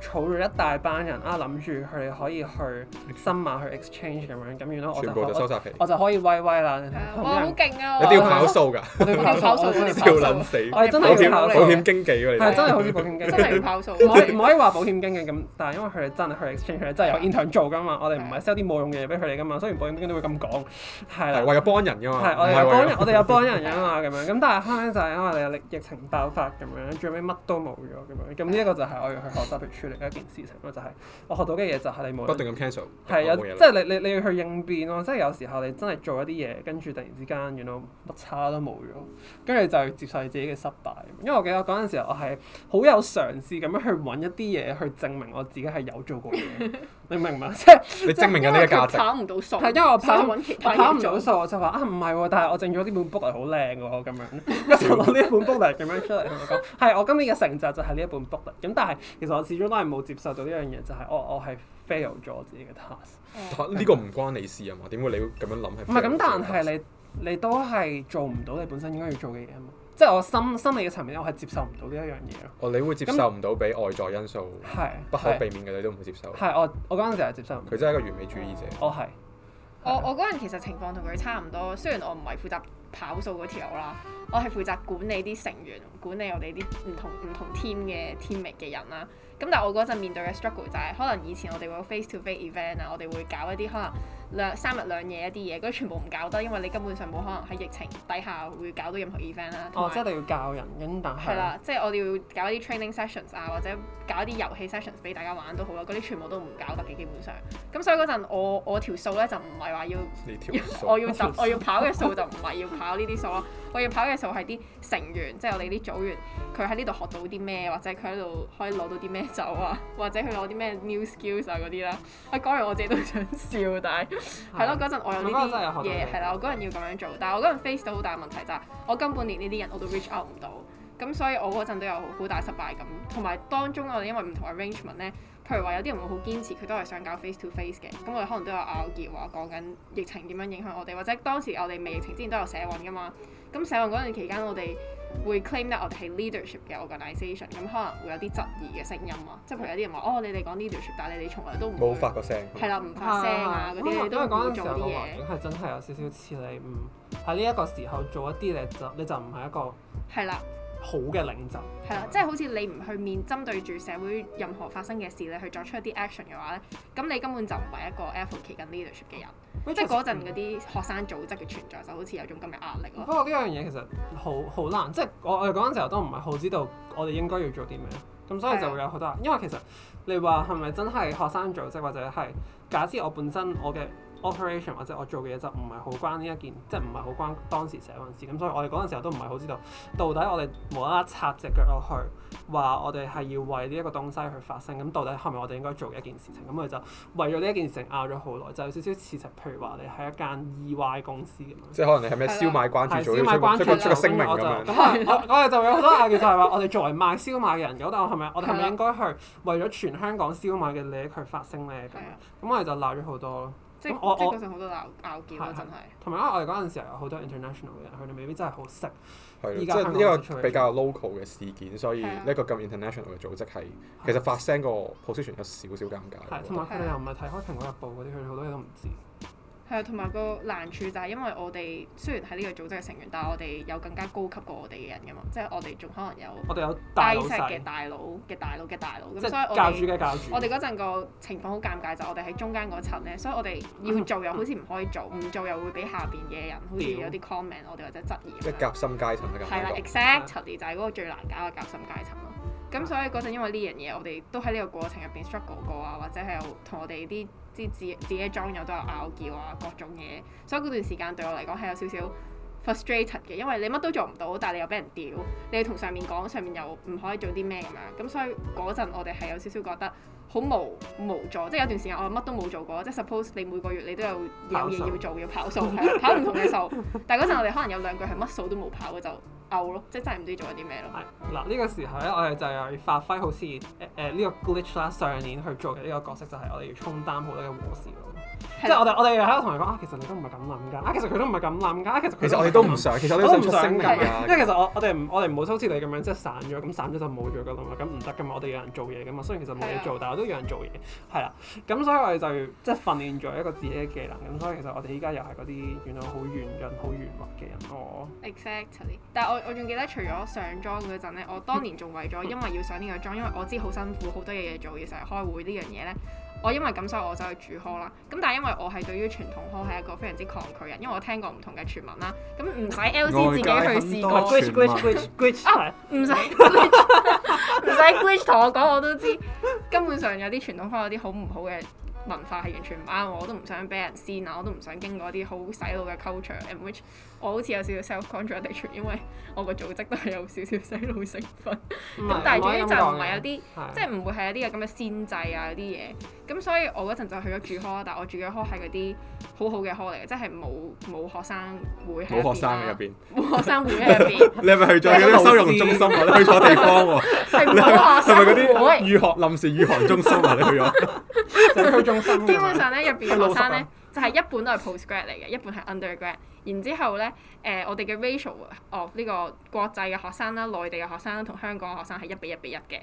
儲咗一大班人啊，諗住佢哋可以去新馬去 exchange 咁樣，咁然後我全部就收曬皮，我就可以威威啦。哇，好勁啊！一定要跑數㗎，你要跑數，我哋跳撚死。我係真係要跑數。保險經紀㗎，你係真係好似保險經紀，真係要跑數。唔可以話保險經紀咁，但係因為佢哋真係去 exchange 係真係有 intern 做㗎嘛，我哋唔係 sell 啲冇用嘅嘢俾佢哋㗎嘛，所以保險經紀都會咁講，係啦，為咗幫人㗎嘛，我哋幫人，我哋有幫人㗎嘛，咁樣。咁但係後屘就係因為疫疫情爆發咁樣，最尾乜都冇咗咁樣。咁呢一個就係我要去學習去存。另一件事情咯，就係、是、我學到嘅嘢就係你冇，不定咁 cancel，係啊有，即係、哦、你你你要去應變咯，即、就、係、是、有時候你真係做一啲嘢，跟住突然之間原來乜差都冇咗，跟住就接受你自己嘅失敗。因為我記得嗰陣時候我係好有嘗試咁樣去搵一啲嘢去證明我自己係有做過嘢。 你明唔明啊？即係你證明緊呢個價值。跑唔到數，係因為我跑唔到數，到數我就話啊唔係喎，但係我整咗呢本 book 嚟，好靚喎咁樣，一 就攞呢一本 book 嚟咁樣出嚟同我講，係、哎、我今年嘅成就就係呢一本 book 嚟。咁但係其實我始終都係冇接受到呢樣嘢，就係、是、我我係 fail 咗自己嘅 task、嗯。呢樣個唔關你事啊嘛？點會你會咁樣諗係？唔係咁，但係你你都係做唔到你本身應該要做嘅嘢啊嘛。即係我心心理嘅層面，我係接受唔到呢一樣嘢咯。哦，你會接受唔到俾外在因素那，不可避免嘅，是你都唔會接受。係我我嗰陣時係接受唔到。佢真係一個完美主義者。哦係是。我我嗰陣其實情況同佢差唔多，雖然我唔係負責跑數嗰條路啦，我係負責管理啲成員，管理我哋啲唔同唔同 team 嘅 team 嘅人啦。咁但係我嗰陣面對嘅 struggle 就係、是、可能以前我哋會有 face to face event 啊，我哋會搞一啲可能。兩三日兩夜一啲嘢，嗰啲全部唔搞得，因為你根本上冇可能喺疫情底下會搞到任何 event 啦。哦，即係要教人咁，但係係啦，即係我哋要搞一啲 training sessions 啊，或者搞一啲遊戲 sessions 俾大家玩都好啦。嗰啲全部都唔搞得嘅基本上。咁所以嗰陣我我條數咧就唔係話要，我要走我要跑嘅數就唔係要跑呢啲數咯。 我要跑嘅數係啲成員，即係我哋啲組員，佢喺呢度學到啲咩，或者佢喺度可以攞到啲咩走啊，或者佢攞啲咩 new skills 啊嗰啲啦。我講完我自己都想笑， 但係。係咯，嗰陣我有呢啲嘢，係啦，我嗰陣要咁樣做，但係我嗰陣 face 都好大問題就係，我根本連呢啲人我都 reach out 唔到，咁所以我嗰陣都有好大失敗感，同埋當中我哋因為唔同 arrangement 咧，譬如話有啲人會好堅持，佢都係想搞 face to face 嘅，咁我哋可能都有拗撬啊，講緊疫情點樣影響我哋，或者當時我哋未疫情之前都有社運噶嘛，咁社運嗰陣期間我哋。會 claim 咧我哋係 leadership 嘅 organization 咁可能會有啲質疑嘅聲音啊，即係譬如有啲人話哦，你哋講 leadership，但係你哋從來都唔冇發過聲，係啦了，唔、嗯、發聲啊嗰啲你都唔做啲嘢。因為嗰陣時候嘅環境係真係有少少似你，唔喺呢一個時候做一啲你就你就唔係一個係啦。好嘅領袖係啦，的的即係好似你唔去面 針對住社會任何發生嘅事，你去作出一啲 action 嘅話咧，咁你根本就唔係一個 effort 期緊 leadership 嘅人。嗯、即係嗰陣嗰啲學生組織嘅存在，就好似有種咁嘅壓力咯。不過呢樣嘢其實好好難，即係我我哋嗰陣時候都唔係好知道我哋應該要做啲咩，咁所以就會有好多，的因為其實你話係咪真係學生組織或者係假設我本身我嘅。Operation 或者我做嘅嘢就唔係好關呢一件，即係唔係好關當時寫嗰事。咁所以我哋嗰陣時候都唔係好知道到底我哋無啦啦插隻腳落去，話我哋係要為呢一個東西去發聲。咁到底係咪我哋應該做一件事情？咁佢就為咗呢一件事情拗咗好耐，就是、有少少似實。譬如話你係一間 EY 公司咁，即係可能你係咩燒賣關注組了出買關注出，出個聲明咁樣。了我哋就，就有好多拗嘅，就係話我哋作為賣燒賣嘅人，咁但係我係咪我哋係咪應該去為咗全香港燒賣嘅利益去發聲咧？咁咁了了我哋就鬧咗好多咯。即、嗯、即是我即嗰陣好多拗拗撬啦，真係我。同埋咧，是是我哋嗰陣時候有好多 international 嘅人，佢哋未必真係好識。係，即、就、呢、是、個比較 local 嘅事件，所以呢個咁 international 嘅組織係其實發聲個 position 有少少尷尬。係的，同埋佢哋又唔係睇開《蘋果日報》嗰啲，佢哋好多嘢都唔知。係同埋個難處就係因為我哋雖然係呢個組織嘅成員，但係我哋有更加高級過我哋嘅人㗎嘛，即係我哋仲可能有低級嘅大佬嘅大佬嘅大佬咁，所以我哋教主嘅教主，我哋嗰陣個情況好尷尬，就我哋喺中間嗰層咧，所以我哋要做又好似唔可以做，唔做又會俾下邊嘅人 好似有啲 comment 我哋或者質疑。即係夾心階層係啦，exactly，就係嗰個最難搞嘅夾心階層。咁所以嗰陣因為呢樣嘢，我哋都喺呢個過程入邊 struggle 過啊，或者係同我哋啲即自自己莊友都有拗撬啊，各種嘢。所以嗰段時間對我嚟講係有少少 frustrated 嘅，因為你乜都做唔到，但係你又俾人屌，你要同上面講，上面又唔可以做啲咩咁樣。咁所以嗰陣我哋係有少少覺得好無無助，即係有段時間我乜都冇做過。即係 suppose 你每個月你都有有嘢要做，要跑數，跑手，係，跑唔同嘅數。 但係嗰陣我哋可能有兩句係乜數都冇跑嘅就。o 咯，oh，即係真係唔知做咗啲咩咯。係嗱，呢、這個時候咧，我哋就又要發揮好似誒誒呢個 glitch 啦，上年去做嘅呢個角色，就係、是、我哋要充當好多嘅和事佬。 即係我哋， 我哋喺度同人講啊，其實你都唔係咁諗噶，啊其實佢都唔係咁諗噶，其實其實我哋都唔想，其實我哋都想出聲噶， 因為其實我我哋唔我哋唔好好似你咁樣即係散咗，咁散咗就冇咗噶啦嘛，咁唔得噶嘛，我哋有，有人做嘢噶嘛，雖然其實冇嘢做， 但係我都有人做嘢，係啦，咁所以我哋就即係訓練咗一個自己嘅技能，咁所以其實我哋依家又係嗰啲原來好圓潤、好圓滑嘅人咯。Exactly，但係我我仲記得除咗上妝嗰陣咧，我當年仲為咗因為要上呢個妝， 因為我知好辛苦，好多嘢要做，要成日開會樣呢樣嘢咧。我因為咁，所以我走去主科啦。咁但係因為我係對於傳統科係一個非常之抗拒人，因為我聽過唔同嘅傳聞啦。咁唔使 L C 自己去試過。 啊、g 唔使， 唔使同我講我都知。根本上有啲傳統科有啲好唔好嘅文化係完全唔啱我，我都唔想俾人先啊，我都唔想，想經過啲好洗腦嘅 culture。我好似有少少 self-contradict a 的住，因為我個組織都係有少少洗腦成分，咁但係主要就唔係有啲，即係唔會係有啲咁嘅先制啊啲嘢，咁所以我嗰陣就去咗住科，但係我住嘅科係嗰啲好好嘅科嚟嘅，即係冇冇學生會喺入邊啦，冇學生會喺入邊。你係咪去咗嗰啲收容中心嗰啲去錯地方喎？係咪嗰啲預學臨時預學中心啊？你去咗？就收容中心。基本上咧，入邊嘅學生咧。就係一半都係 postgrad 嚟嘅，一半係 undergrad。然之後咧，誒我哋嘅 ratio of 呢個國際嘅學生啦、內地嘅學生啦、同香港嘅學生係一比一比一嘅。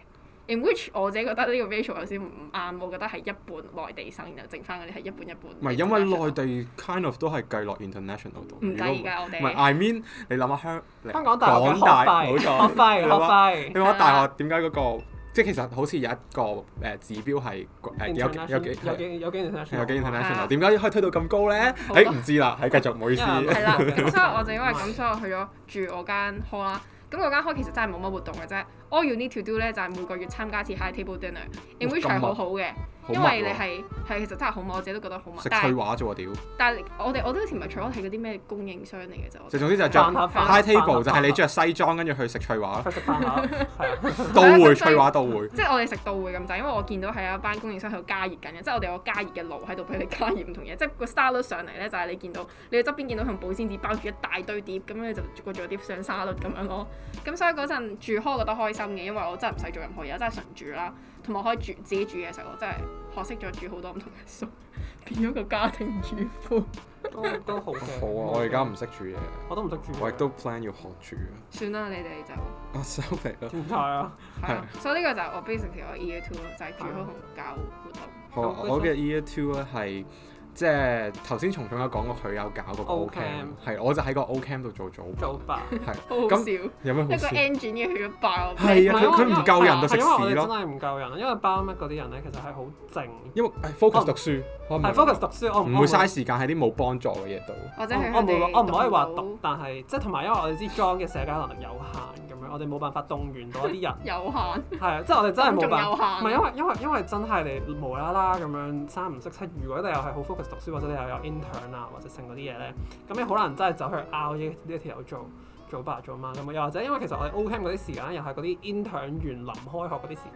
In which 我自己覺得呢個 ratio 有啲唔啱，我覺得係一半內地生，然後剩翻嗰啲係一半一半。唔係因為內地 kind of 都係計落 international 度。唔計㗎，我哋。唔係，I mean 你諗下香香港大學嘅學費，學費，學費。你講大學點解嗰個？ 即係其實好似有一個誒指標係誒有有幾有幾有幾 international？有幾 international？點解可以推到咁高咧？誒唔知啦，誒繼續，唔好意思。係啦，所以我就因為咁，所以我去咗住我間 hall 啦。咁嗰間 hall 其實真係冇乜活動嘅啫。All you need to do 咧就係每個月參加一次 high table dinner，in which 係好好嘅，因為你係係其實真係好麻，我自己都覺得好麻。食翠華啫喎屌！但係我哋我當時唔係翠華係嗰啲咩供應商嚟嘅就。就總之就係 high table 就係你着西裝跟住去食翠華咯。食飯都會翠華都會。即係我哋食到會咁滯，因為我見到係有一班供應商喺度加熱緊嘅，即係我哋有加熱嘅爐喺度俾你加熱唔同嘢，即係個沙律上嚟咧就係你見到你喺側邊見到同保鮮紙包住一大堆碟，咁樣就逐咗碟上沙律咁樣咯。咁所以嗰陣住開覺得開心嘅，因為我真係唔使做任何嘢，真係純煮啦。同埋可以煮自己煮嘢食，我真係學識咗煮好多唔同嘅餸，變咗個家庭煮夫，都都好。 好啊，我而家唔識煮嘢，我都唔識煮。我亦都 plan 要學煮。算啦，你哋就收皮啦。淘 啊，啦 啊。所以呢個就係我 basically 我 year two，就係煮好同教活動。我我嘅 year two 咧係。即係頭先從仲有講過佢有搞過個 O camp，係我就喺個 O camp 度做早早班，係咁有咩好笑，一個 engine 嘅、er、佢一爆，係 啊，佢佢唔夠人就食屎咯。真係唔夠人，因為包乜嗰啲人咧，其實係好靜，因為、哎、focus、嗯、讀書。係 focus 對讀書，我唔會嘥時間喺啲冇幫助嘅嘢度。或者佢哋，我冇，我唔可以話讀，但係即係同埋因為我哋啲 John 嘅社交能力有限，咁樣我哋冇辦法動員到一啲人。 有限。係啊，即、就、係、是、我哋真係冇辦法。有限。唔係因為因為因為真係你無啦啦咁樣三唔識七，如果你又係好 focus 讀書，或者你又有 intern 啊或者剩嗰啲嘢咧，咁你好難真係走去 out 呢呢條路做。做白做晚，咁啊，又或者因為其實我哋 O camp 嗰啲時間又係嗰啲 intern 完臨開學嗰啲時間，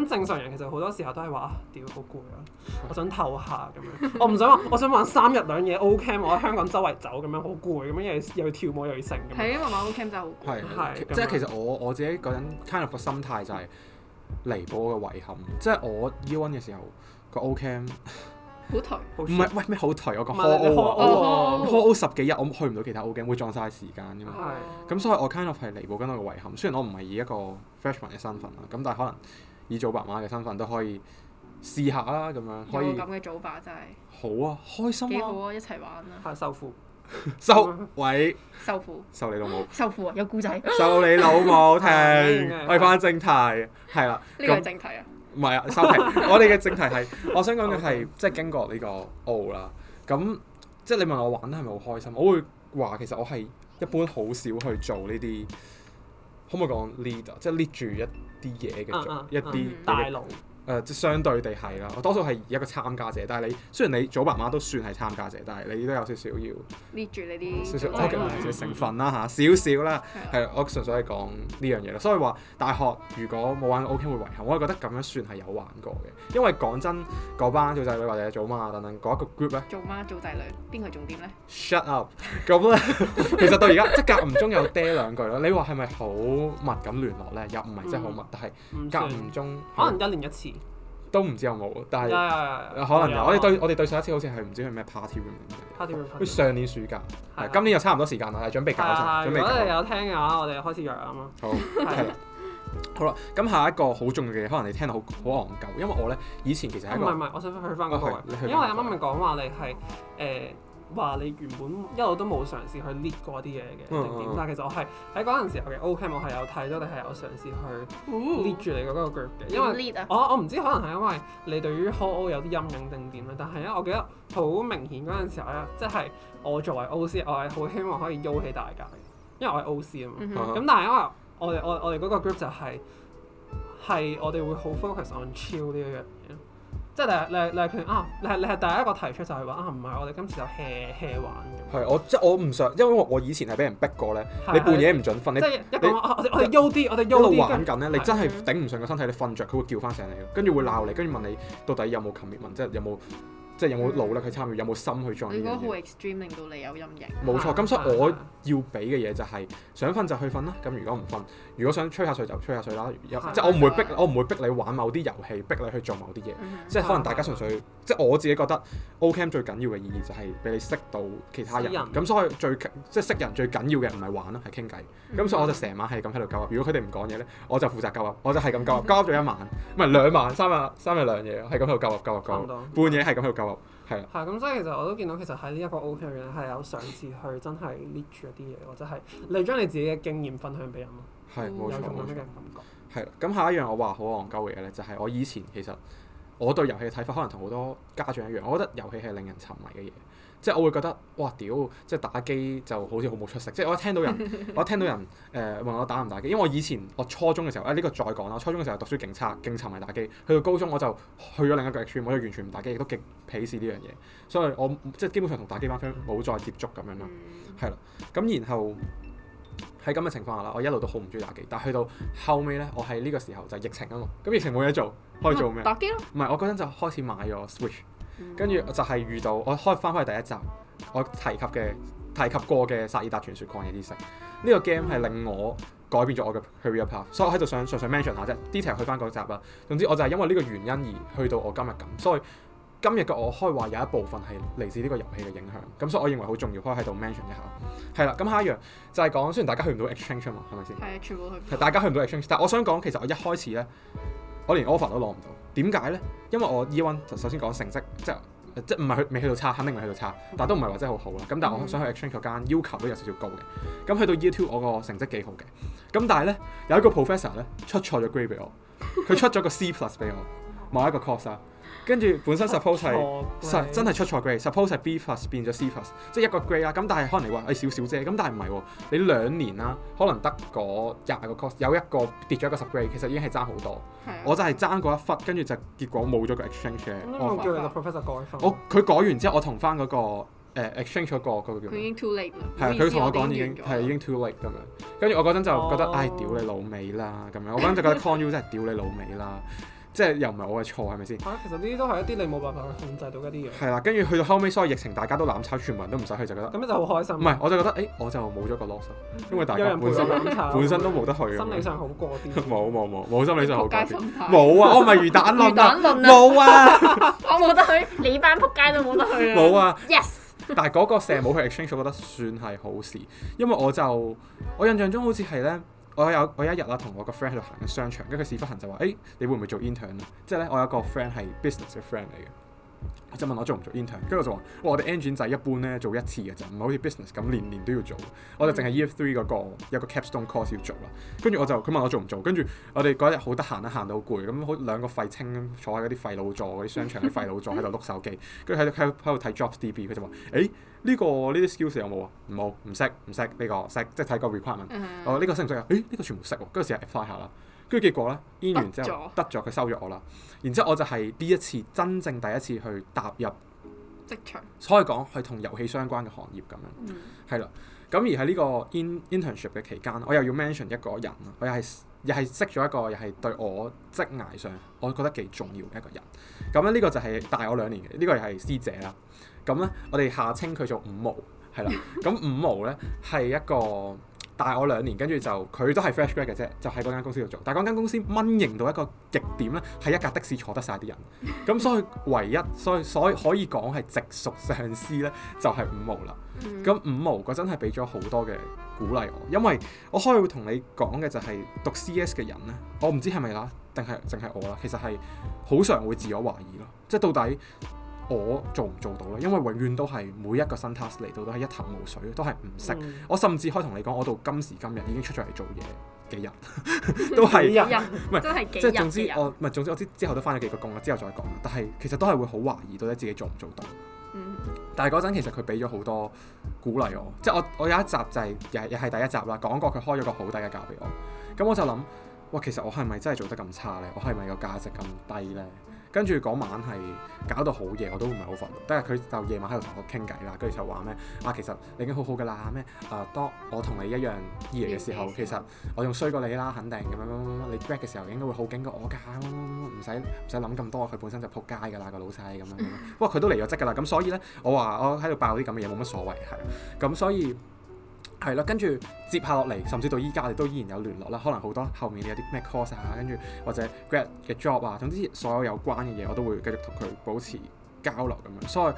咁正常人其實好多時候都係話，啊，屌好攰啊，我想唞下咁樣。 我唔想話，我想玩三日兩夜 O camp 我喺香港周圍走咁樣，好攰咁樣，又又要跳舞又要成咁。係啊對，玩 O camp 真係好係係。樣即係其實我我自己個人 kind of 個心態就係彌補我嘅遺憾，即係我 year one 嘅時候個 O camp。 好頹，唔係，喂咩好頹，我講 hall O 十幾日，我去唔到其他澳景，會撞晒時間噶嘛。係，咁所以我 kind of 係彌補緊我嘅遺憾。雖然我唔係以一個 freshman 嘅身份啦，咁但係可能以組爸媽嘅身份都可以試下啦，咁樣。可以。咁嘅做法真係好啊，開心啊，幾好啊，一齊玩啊！收褲，收位，收褲，收你老母，收褲啊！有故仔，收你老母，停，我翻正題，係啦，呢個係正題啊！唔係啊，收皮！ 我哋嘅正題係， 我想講嘅係 Okay. 即係經過呢、呢個 O、oh, 啦。咁即係你問我玩得係咪好開心，我會話其實我係一般好少去做呢啲。可唔可以講 leader，即係 lead 住一啲嘢嘅一啲大佬？誒，即相對地係啦。我多數係一個參加者，但係你雖然你祖爸媽都算係參加者，但係你都有少少要捏住呢啲少少成分啦嚇，少少啦。係我純粹係講呢樣嘢啦。所以話大學如果冇玩 O.K. 會遺憾。我係覺得咁樣算係有玩過嘅，因為講真嗰班做仔女或者做媽等等嗰一個 group 咧，做媽做仔女邊個係重點咧？Shut up 咁呢其實到而家即係間唔中有爹兩句咯。你話係咪好密咁聯絡咧？又唔係真係好密，但係間唔中可能一年一次。都唔知有冇，但係可能我哋對我哋對上一次好似係唔知係咩 party room 咁樣，上年暑假，今年又差唔多時間啦，準備搞一陣。嗱，如果有聽嘅話，我哋開始約啊嘛。好，係。好啦，咁下一個好重要嘅嘢，可能你聽到好好戇鳩，因為我咧以前其實係一個，唔係，我想去翻個台，因為啱啱咪講話你係誒。話你原本一路都冇嘗試去 lead 過啲嘢嘅定點，嗯、哼但係其實我係喺嗰陣時候嘅 Ocamp，我係有睇到，你係有嘗試去 lead 住你嗰個 group 嘅。嗯、因為我我唔知可能係因為你對於 Co.O 有啲陰影定點啦，但係咧，我記得好明顯嗰陣時候咧，即、就、係、是、我作為 O.C.，我係好希望可以邀起大家嘅，因為我係 O.C. 啊嘛。咁但係因為我哋我我哋嗰個 group 就係、是、係我哋會好 focus on chill 呢樣嘢。即係你係你係啊！你係你係第一個提出就係、是、話啊，唔係我哋今次就 hea 玩嘅。我即係我唔想，因為我以前係俾人逼過咧。的你半夜唔准瞓，的你即係你、啊，我我我哋悠啲，我哋悠啲。度玩緊咧，就是、你真係頂唔順個身體，的你瞓着佢會叫翻醒你，跟住會鬧你，跟住問，問你到底有冇 commitment，即係有冇。即係有冇努力去參與，有冇心去做呢啲嘢？好 extreme，令到你有陰影。冇錯，咁所以我要俾嘅嘢就係想瞓就去瞓啦。咁如果唔瞓，如果想吹下水就吹下水啦。即係我唔會逼，我唔會逼你玩某啲遊戲，逼你去做某啲嘢。即係可能大家純粹，即係我自己覺得，Ocamp 最緊要嘅意義就係俾你識到其他人。咁所以最即係識人最緊要嘅唔係玩咯，係傾偈。咁所以我就成晚係咁喺度交流。如果佢哋唔講嘢咧，我就負責交流。我就係咁交流，交流咗一晚，唔係兩晚，三日三日兩夜，係咁喺度交流，交流。半夜係咁喺度交流。係係咁，所以其實我都見到，其實喺呢一個 O P 上邊係有嘗試去真係 list 住一啲嘢，或者係你將你自己嘅經驗分享俾人咯。有種咁樣嘅感覺。係冇錯，係咁、嗯、下一樣我話好戇鳩嘅嘢咧，就係、是、我以前其實。我對遊戲嘅睇法可能同好多家長一樣，我覺得遊戲係令人沉迷嘅嘢，即係我會覺得哇屌！即係打機就好似好冇出息，即係我一聽到人， 我一聽到人誒、呃、問我打唔打機，因為我以前我初中嘅時候，誒、哎、呢、呢個再講啦，初中嘅時候讀書勁差，勁沉迷打機，去到高中我就去咗另一個 extreme，我就完全唔打機，亦都極鄙視呢樣嘢，所以我即係基本上同打機班 friend 冇再接觸咁樣啦，係啦、嗯，咁然後。喺咁嘅情況下啦，我一路都好唔中意打機，但係去到後尾呢，我喺呢個時候就疫情啊嘛，咁疫情冇嘢做，可以做咩？打機咯。唔係，我嗰陣就開始買咗 Switch，跟住、嗯、就係遇到我開翻去第一集，我提及嘅提及過嘅《塞爾達傳說曠野之息》這，呢個 game 係令我改變咗我嘅 career path 所以我喺度想上上 mention 下啫，啲嘢去翻嗰集啦。總之我就係因為呢個原因而去到我今日咁，所以。今日嘅我開話有一部分係嚟自呢個遊戲嘅影響，咁所以我認為好重要，可以喺度 mention 一下。係啦，咁下一樣就係講，雖然大家去唔到 exchange 啊嘛，係咪先？係啊，全部去。係大家去唔到 exchange，但係我想講，其實我一開始咧，我連 offer 都攞唔到，點解咧？因為我 year one 就首先講成績，即係即係唔係去未去到差，肯定未去到差，mm hmm. 但係都唔係話真係好好啦。咁但係我想去 exchange 嗰間要求都有少少高嘅。咁去到 year two 我個成績幾好嘅。咁但係咧，有一個 professor 咧出錯咗 grade 俾我，佢出咗個 C plus 俾我某 一個 course 啊。跟住本身 suppose 係錯，真係出錯 grade，suppose 係 B plus 變咗 C plus，即係一個 grade 啦。咁但係可能你話係少少啫。咁、哎、但係唔係喎，你兩年啦，可能得嗰廿個 course 有一個跌咗一個十 grade，其實已經係爭好多。啊、我就係爭嗰一忽，跟住就結果冇咗個 exchange、er。叫我叫佢改完之後我、那個，我同翻嗰個 exchange 咗個嗰個叫。佢已經 too late 啦。係啊、嗯，佢同我講已經係已，已經 too late 咁樣。跟住我嗰陣就覺得、oh. 唉，屌你老味啦咁樣。我嗰陣就覺得 call you 真係屌你老味啦。 即係又唔係我嘅錯係咪先？係其實呢啲都係一啲你冇辦法去控制到一啲嘢。係啦，跟住去到後尾，所以疫情大家都攬炒，全民都唔使去就覺得。咁樣就好開心。唔係，我就覺得，誒，我就冇咗個 loss，因為大家本身都冇得去，心理上好過啲。冇冇冇冇，心理上好冇啊！我唔係魚蛋論冇啊！我冇得去，你班撲街都冇得去冇啊！Yes，但係嗰個 sem 冇去 exchange，我覺得算係好事，因為我就我印象中好似係咧。我有一我一日啦，同我個 friend 喺度行緊商場，跟住佢屎忽痕就話：哎「誒，你會唔會做 intern 咧？即係咧，我有個 friend 係 business 嘅 friend 嚟嘅。就問我做唔做 intern，跟住我就話我哋 engine 就一般咧做一次嘅啫，唔係好似 business 咁年年都要做。我就淨係 ef3 嗰個有個 capstone course 要做啦。跟住我就佢問我做唔做，跟住我哋嗰日好得閒啊，行到攰咁，好兩 個廢青坐喺嗰啲廢老座嗰啲商場啲廢老座喺度碌手機，跟住喺度喺度喺度睇 JobsDB，佢就話誒呢個呢啲 skills 有冇啊？冇、欸，唔識唔識呢個，識、這個就是、即係睇個 requirement。Hmm. 我呢個識唔識啊？誒呢、欸這個全部識。嗰陣時 apply 下啦。跟住結果咧 in 完之後得咗了佢收咗我啦。然之後我就係呢一次真正第一次去踏入職場，所以講係同遊戲相關嘅行業咁樣。係啦、嗯，咁而喺呢個 in, Internship 嘅期間，我又要 mention 一個人，我又係又係識咗一個又係對我職涯上我覺得幾重要嘅一個人。咁咧呢個就係大我兩年嘅，呢、這個又係師姐啦。咁咧我哋下稱佢做五毛，係啦。咁五毛咧係一個。 大我兩年，跟住就佢都係 fresh grad 嘅啫，就喺嗰間公司度做。但係嗰間公司蚊型到一個極點咧，係一架的士坐得晒啲人咁， 所以唯一所以所以可以講係直屬上司咧就係、是、五毛啦。咁五、嗯、毛嗰陣真係俾咗好多嘅鼓勵我，因為我可以會同你講嘅就係、是、讀 C.S. 嘅人咧，我唔知係咪啦，定係淨係我啦。其實係好常會自我懷疑咯，即係到底。我做唔做到咧？因為永遠都係每一個新 task 嚟到都係一頭霧水，都係唔識。嗯、我甚至可以同你講，我到今時今日已經出咗嚟做嘢幾日，都係日、啊，唔係即係總之天我唔係總之我之之後都返咗幾個工啦，之後再講。但係其實都係會好懷疑到底自己做唔做到。嗯、但係嗰陣其實佢俾咗好多鼓勵我，即係我我有一集就係、係、又又係第一集啦，講過佢開咗個好低嘅價俾我，咁我就諗，哇，其實我係咪真係做得咁差咧？我係咪個價值咁低咧？跟住嗰晚係搞到好夜，我都唔係好瞓。但係佢就夜晚喺度同我傾偈啦，跟住就話咩啊？其實你已經好好噶啦咩？啊，當我同你一樣夜嘅時候，其實我仲衰過你啦，肯定咁樣，樣。你 break 嘅時候應該會好勁過我㗎，唔使唔使諗咁多。佢本身就撲街㗎啦，個老細咁樣。不過，佢都嚟咗職㗎啦。咁所以咧，我話我喺度爆啲咁嘅嘢冇乜所謂，係咁所以。係咯，跟住接，接下落嚟，甚至到依家我哋都依然有聯絡啦。可能好多後面有啲咩 course 啊，跟住或者 grad 嘅 job 啊，總之所有有關嘅嘢我都會繼續同佢保持交流咁樣，所以。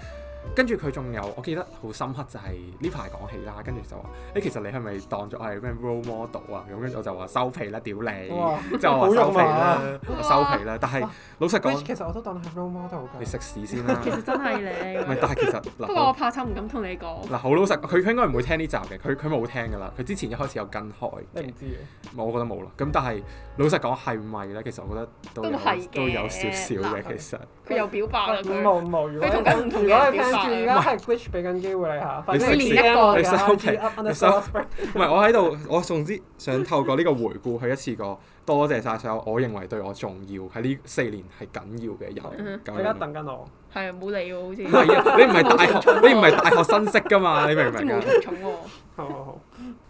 跟住佢仲有，我記得好深刻就係呢排講起啦，跟住就話：哎，其實你係咪當咗我係咩 role model 啊？咁跟住我就話收皮啦，屌你！就話收皮啦，收皮啦。但係老實講，其實我都當你係 role model 好緊。你食屎先啦！其實真係你。唔但係其實不過我怕醜唔敢同你講。嗱，好老實，佢佢應該唔會聽呢集嘅，佢佢冇聽噶啦，佢之前一開始有跟開。你唔知啊？我覺得冇啦。咁但係老實講係唔係咧？其實我覺得都係都有少少嘅，其實。又表白啦～冇，冇，冇，如果同同如果係 fans，而家係 Gritch 俾緊機會是來你嚇，你練一個你收皮。唔係，我喺度，我總之想透過呢個回顧去一次過。 多謝晒所有我認為對我重要喺呢四年係緊要嘅人。而家、嗯、哼樣等緊我，係唔好理我，好似。唔係、 啊，你唔係大學， 重重啊、你唔係大學新識㗎嘛？ 你明唔明啊？ 好重，好， 好，好，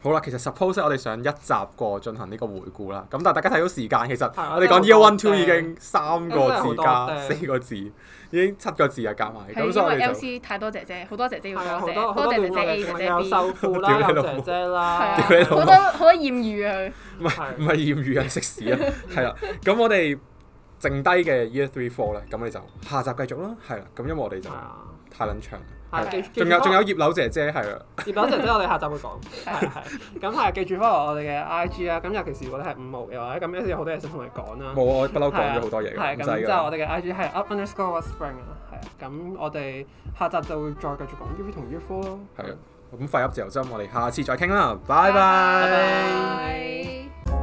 好啦。其實 suppose 我哋想一集過進行呢個回顧啦。咁但係大家睇到時間，其實我哋講 year one two 已經三個字加四個字。已經七個字啊，夾埋咁，所以就因為 L 太多姐姐，好多姐姐要搞，多多姐姐 A 姐姐 B，屌姐姐啦，好多好多艷遇啊！唔係唔係艷遇啊，食屎啊！係啦，咁我哋剩低嘅 Year Three Four 咧，咁你就下集繼續啦，係啦，咁因為我哋就太撚長。仲住有仲有葉柳姐姐，係啊，葉柳姐姐我哋下集會講，係係。 咁係記住 follow 我哋嘅 I G 啦，咁尤其是我哋係五毛嘅話，咁有好多嘢想同你講啦。冇啊，我的不嬲講咗好多嘢，唔制㗎。咁就我哋嘅 I G 係 up underscore what spring 啊，係啊。咁我哋下集就會再繼續講 YouTube 同 Youku 咯。係啊、嗯，咁廢油就咁，我哋下次再傾啦，拜拜。拜拜拜拜。